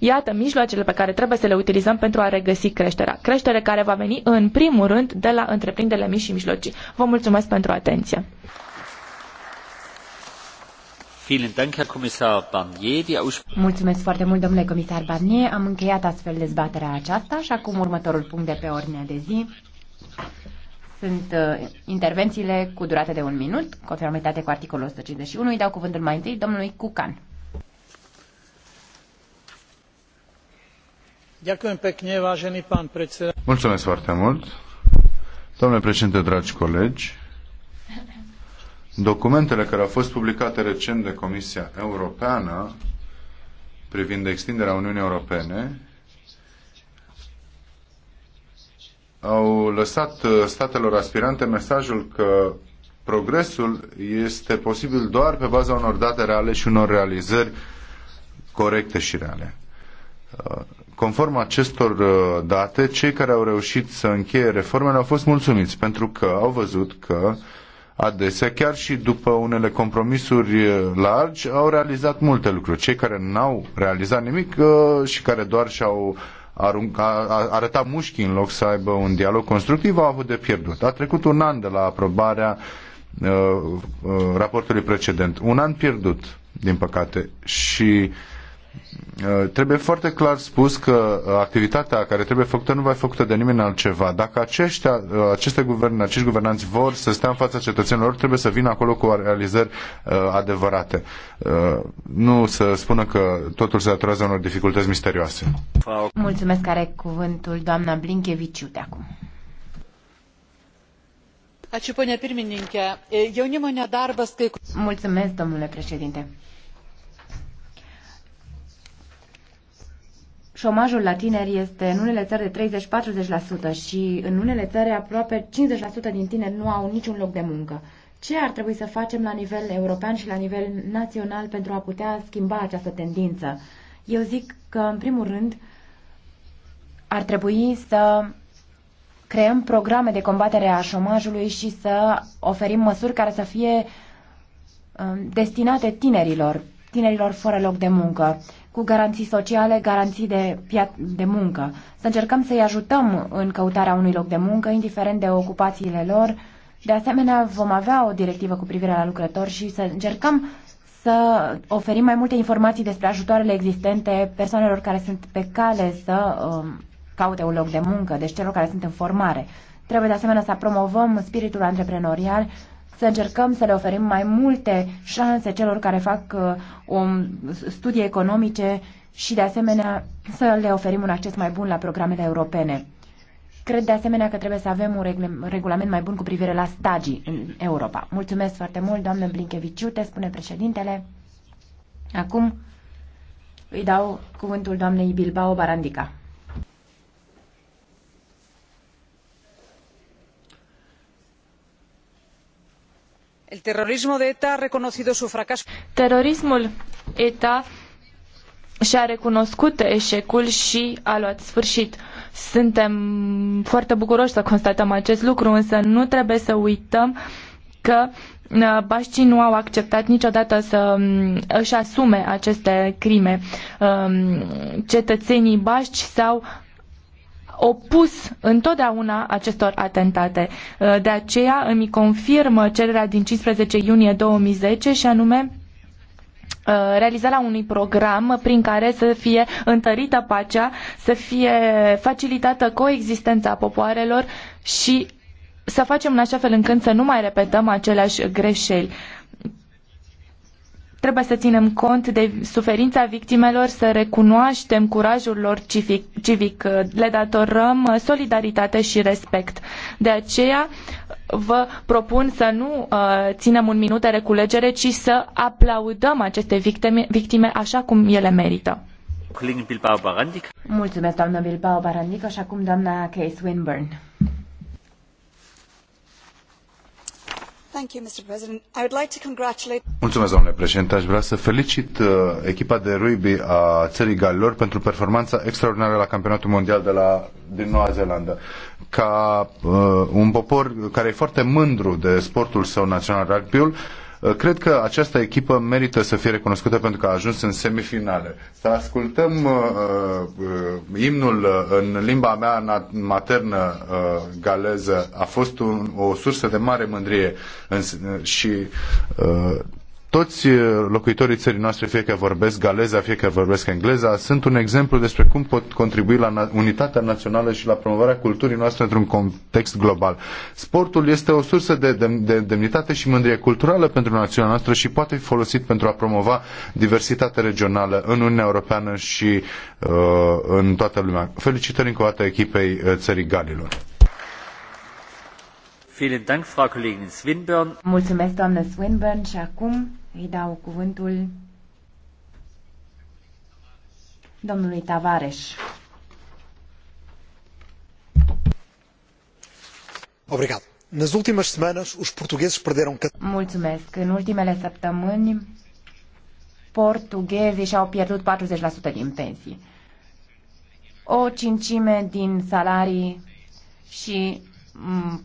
Iată mijloacele pe care trebuie să le utilizăm pentru a regăsi creșterea. Creștere care va veni în primul rând de la întreprinderile mici și mijlocii. Vă mulțumesc pentru atenție. Mulțumesc foarte mult, domnule comisar Barnier. Am încheiat astfel dezbaterea aceasta și acum următorul punct de pe ordinea de zi sunt uh, intervențiile cu durată de un minut, conformitate cu articolul 151. Îi dau cuvântul mai întâi domnului Cucan. Mulțumesc foarte mult. Domnule președinte, dragi colegi, documentele care au fost publicate recent de Comisia Europeană privind extinderea Uniunii Europene au lăsat statelor aspirante mesajul că progresul este posibil doar pe baza unor date reale și unor realizări corecte și reale. Conform acestor uh, date, cei care au reușit să încheie reformele au fost mulțumiți pentru că au văzut că adesea, chiar și după unele compromisuri uh, largi, au realizat multe lucruri. Cei care n-au realizat nimic uh, și care doar și-au arătat mușchii în loc să aibă un dialog constructiv, au avut de pierdut. A trecut un an de la aprobarea raportului precedent. Un an pierdut, din păcate. Și uh, Uh, trebuie foarte clar spus că uh, activitatea care trebuie făcută nu va fi făcută de nimeni altceva. Dacă aceștia, uh, aceste guverne, acești guvernanți vor să stea în fața cetățenilor, trebuie să vină acolo cu realizări adevărate. nu să spună că totul se datorează unor dificultăți misterioase. Mulțumesc, care cuvântul doamna Blinkeviciu de acum. Mulțumesc, domnule președinte. șomajul la tineri este în unele țări de 30-40% și în unele țări aproape 50% din tineri nu au niciun loc de muncă. Ce ar trebui să facem la nivel european și la nivel național pentru a putea schimba această tendință? Eu zic că, în primul rând, ar trebui să creăm programe de combatere a șomajului și să oferim măsuri care să fie um, destinate tinerilor, tinerilor fără loc de muncă cu garanții sociale, garanții de, de muncă. Să încercăm să-i ajutăm în căutarea unui loc de muncă, indiferent de ocupațiile lor. De asemenea, vom avea o directivă cu privire la lucrători și să încercăm să oferim mai multe informații despre ajutoarele existente persoanelor care sunt pe cale să um, caute un loc de muncă, deci celor care sunt în formare. Trebuie de asemenea să promovăm spiritul antreprenorial să încercăm să le oferim mai multe șanse celor care fac uh, o studii economice și, de asemenea, să le oferim un acces mai bun la programele europene. Cred de asemenea că trebuie să avem un regulament mai bun cu privire la stagii în Europa. Mulțumesc foarte mult, doamnă Blinkeviciute, spune președintele. Acum îi dau cuvântul doamnei Bilbao Barandica. Terorismul ETA și-a recunoscut eșecul și a luat sfârșit. Suntem foarte bucuroși să constatăm acest lucru, însă nu trebuie să uităm că uh, bașcii nu au acceptat niciodată să um, își asume aceste crime. Um, cetățenii bașci s-au opus întotdeauna acestor atentate. Uh, de aceea îmi confirmă cererea din 15 iunie 2010 și anume uh, realizarea unui program prin care să fie întărită pacea, să fie facilitată coexistența popoarelor și să facem în așa fel încât să nu mai repetăm aceleași greșeli. Trebuie să ținem cont de suferința victimelor, să recunoaștem curajul lor civic, civic le datorăm solidaritate și respect. De aceea vă propun să nu uh, ținem un minut de reculegere, ci să aplaudăm aceste victime, victime așa cum ele merită. Mulțumesc, doamnă Bilbao Barandic, așa cum doamna Case Winburn. domnule președinte. Aș vrea să felicit uh, echipa de rugby a țării Galilor pentru performanța extraordinară la campionatul mondial de la, din Noua Zeelandă. Ca uh, un popor care e foarte mândru de sportul său național, rugbyul, Uh, cred că această echipă merită să fie recunoscută pentru că a ajuns în semifinale. Să ascultăm uh, uh imnul uh, în limba mea maternă uh, galeză a fost un, o sursă de mare mândrie în, și uh, toți uh, locuitorii țării noastre, fie că vorbesc galeza, fie că vorbesc engleza, sunt un exemplu despre cum pot contribui la unitatea națională și la promovarea culturii noastre într-un context global. Sportul este o sursă de, de demnitate și mândrie culturală pentru națiunea noastră și poate fi folosit pentru a promova diversitatea regională în Uniunea Europeană și uh, în toată lumea. Felicitări încă o dată echipei uh, țării Galilor. Mulțumesc, doamnă Swinburne, și acum îi dau cuvântul domnului Tavares. Nas últimas semanas, os portugueses perderam... Mulțumesc. În ultimele săptămâni, portughezii și-au pierdut 40% din pensii. O cincime din salarii și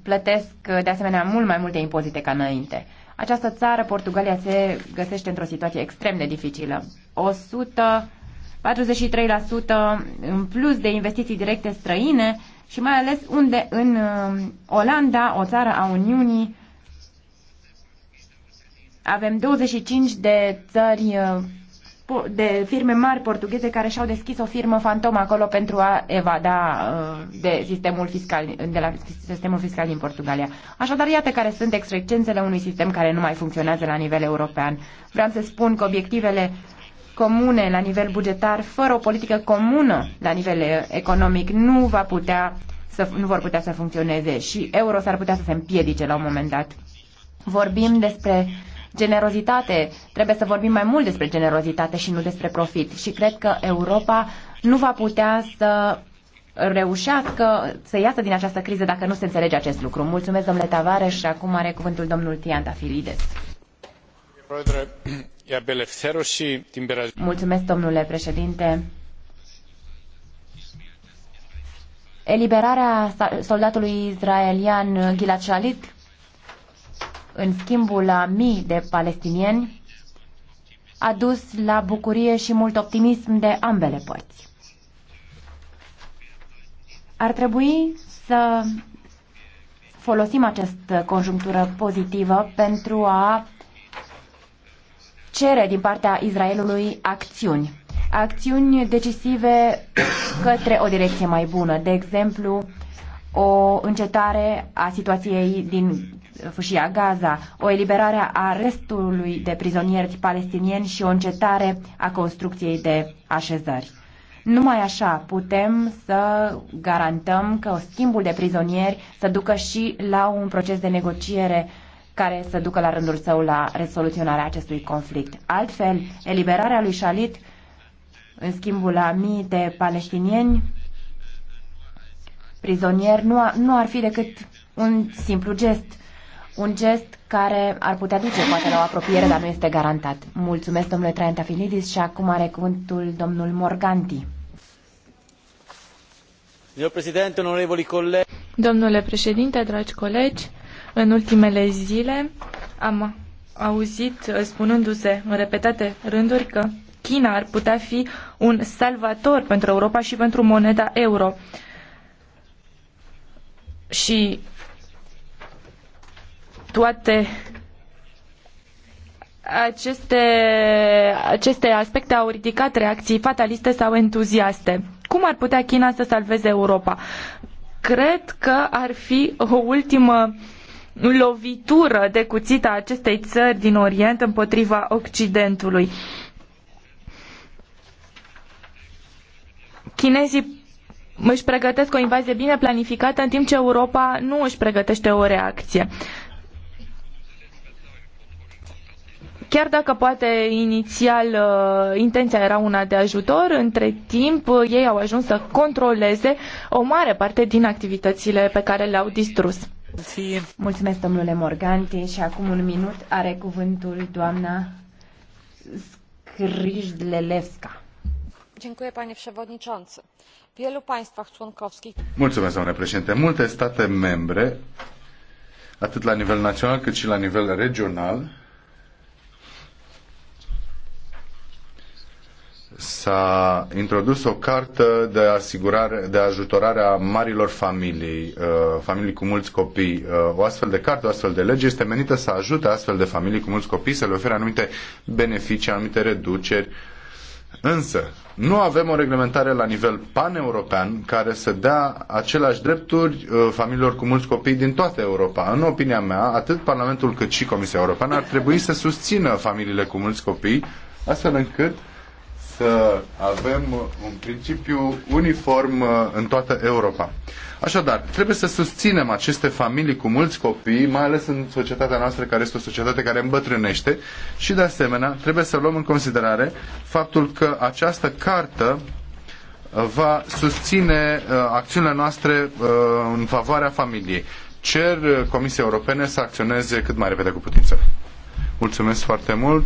plătesc uh, de asemenea mult mai multe impozite ca înainte. Această țară, Portugalia, se găsește într-o situație extrem de dificilă. 143% în plus de investiții directe străine și mai ales unde în uh, Olanda, o țară a Uniunii, avem 25 de țări uh, de firme mari portugheze care și-au deschis o firmă fantomă acolo pentru a evada uh, de sistemul fiscal, de la sistemul fiscal din Portugalia. Așadar, iată care sunt excrecențele unui sistem care nu mai funcționează la nivel european. Vreau să spun că obiectivele comune la nivel bugetar, fără o politică comună la nivel uh, economic, nu va putea să, nu vor putea să funcționeze și euro s-ar putea să se împiedice la un moment dat. Vorbim despre generozitate. Trebuie să vorbim mai mult despre generozitate și nu despre profit. Și cred că Europa nu va putea să reușească să iasă din această criză dacă nu se înțelege acest lucru. Mulțumesc, domnule Tavare, și acum are cuvântul domnul Tianta Filides. Mulțumesc, domnule președinte. Eliberarea soldatului israelian Gilad Shalit în schimbul a mii de palestinieni a dus la bucurie și mult optimism de ambele părți. Ar trebui să folosim această conjunctură pozitivă pentru a cere din partea Israelului acțiuni. Acțiuni decisive către o direcție mai bună, de exemplu, o încetare a situației din fâșia Gaza, o eliberare a restului de prizonieri palestinieni și o încetare a construcției de așezări. Numai așa putem să garantăm că schimbul de prizonieri să ducă și la un proces de negociere care să ducă la rândul său la resoluționarea acestui conflict. Altfel, eliberarea lui Shalit în schimbul a mii de palestinieni prizonieri nu, a, nu ar fi decât un simplu gest un gest care ar putea duce poate la o apropiere, dar nu este garantat. Mulțumesc, domnule Traian Tafinidis, și acum are cuvântul domnul Morganti. Domnule președinte, dragi colegi, în ultimele zile am auzit uh, spunându-se în repetate rânduri că China ar putea fi un salvator pentru Europa și pentru moneda euro. Și toate aceste, aceste aspecte au ridicat reacții fataliste sau entuziaste. Cum ar putea China să salveze Europa? Cred că ar fi o ultimă lovitură de cuțit a acestei țări din Orient împotriva Occidentului. Chinezii își pregătesc o invazie bine planificată, în timp ce Europa nu își pregătește o reacție. Chiar dacă poate inițial uh, intenția era una de ajutor, între timp uh, ei au ajuns să controleze o mare parte din activitățile pe care le-au distrus. Mulțumesc, domnule Morganti, și acum un minut are cuvântul doamna Skrzydlewska. Dziękuję, panie przewodniczący. W wielu państwach członkowskich... Mulțumesc, domnule președinte. Multe state membre, atât la nivel național cât și la nivel regional, s-a introdus o cartă de, asigurare, de ajutorare a marilor familii, uh, familii cu mulți copii. Uh, o astfel de carte, o astfel de lege este menită să ajute astfel de familii cu mulți copii să le ofere anumite beneficii, anumite reduceri. Însă, nu avem o reglementare la nivel paneuropean care să dea aceleași drepturi uh, familiilor cu mulți copii din toată Europa. În opinia mea, atât Parlamentul cât și Comisia Europeană ar trebui să susțină familiile cu mulți copii, astfel încât uh, să avem un principiu uniform uh, în toată Europa. Așadar, trebuie să susținem aceste familii cu mulți copii, mai ales în societatea noastră care este o societate care îmbătrânește și de asemenea trebuie să luăm în considerare faptul că această cartă uh, va susține uh, acțiunile noastre în favoarea familiei. Cer Comisiei Europene să acționeze cât mai repede cu putință. Mulțumesc foarte mult!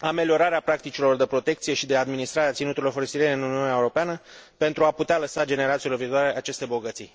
ameliorarea practicilor de protecie i de administrare a inuturilor forestiere în uniunea europeană pentru a putea lăsa generaiilor viitoare aceste bogăii.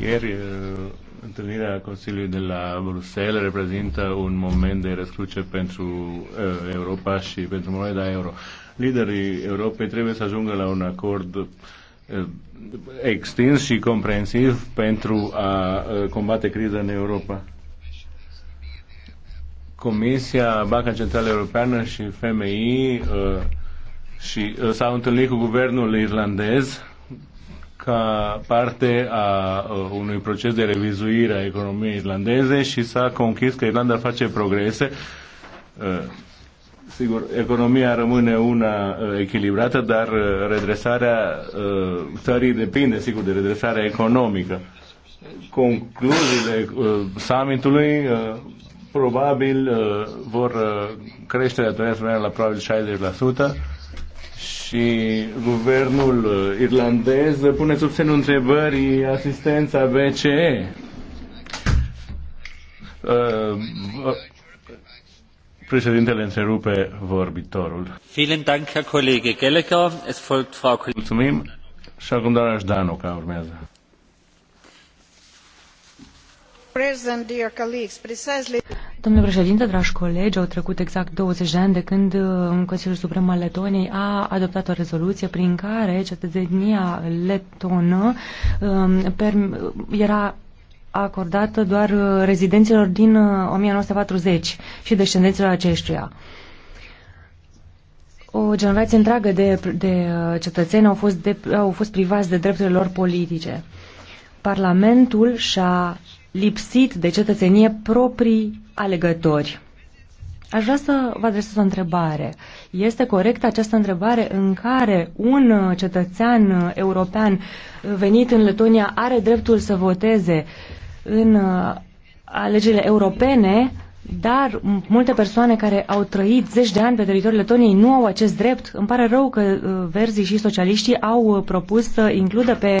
Ieri, întâlnirea Consiliului de la Bruxelles reprezintă un moment de răscruce pentru uh, Europa și pentru moneda euro. Liderii Europei trebuie să ajungă la un acord uh, extins și comprensiv pentru a uh, combate criza în Europa. Comisia, Banca Centrală Europeană și FMI uh, și uh, s-au întâlnit cu guvernul irlandez ca parte a uh, unui proces de revizuire a economiei irlandeze și s-a conchis că Irlanda face progrese. Uh, sigur, economia rămâne una echilibrată, dar redresarea țării depinde, sigur, de redresarea economică. Concluziile summitului probabil vor crește datoria la probabil 60%, și guvernul uh, irlandez pune sub semnul întrebării asistența BCE. Uh, uh, președintele întrerupe vorbitorul. Mulțumim. Și acum doamna ca urmează. President, dear colleagues, precisely... Domnule președinte, dragi colegi, au trecut exact 20 de ani de când uh, Consiliul Suprem al Letoniei a adoptat o rezoluție prin care cetățenia letonă um, era acordată doar uh, rezidenților din 1940 uh, și descendenților aceștia. O generație întreagă de, de cetățeni au fost, de, au fost privați de drepturile lor politice. Parlamentul și-a lipsit de cetățenie proprii alegători. Aș vrea să vă adresez o întrebare. Este corectă această întrebare în care un cetățean european venit în Letonia are dreptul să voteze în uh, alegerile europene, dar multe persoane care au trăit zeci de ani pe teritoriul Letoniei nu au acest drept. Îmi pare rău că uh, verzii și socialiștii au uh, propus să includă pe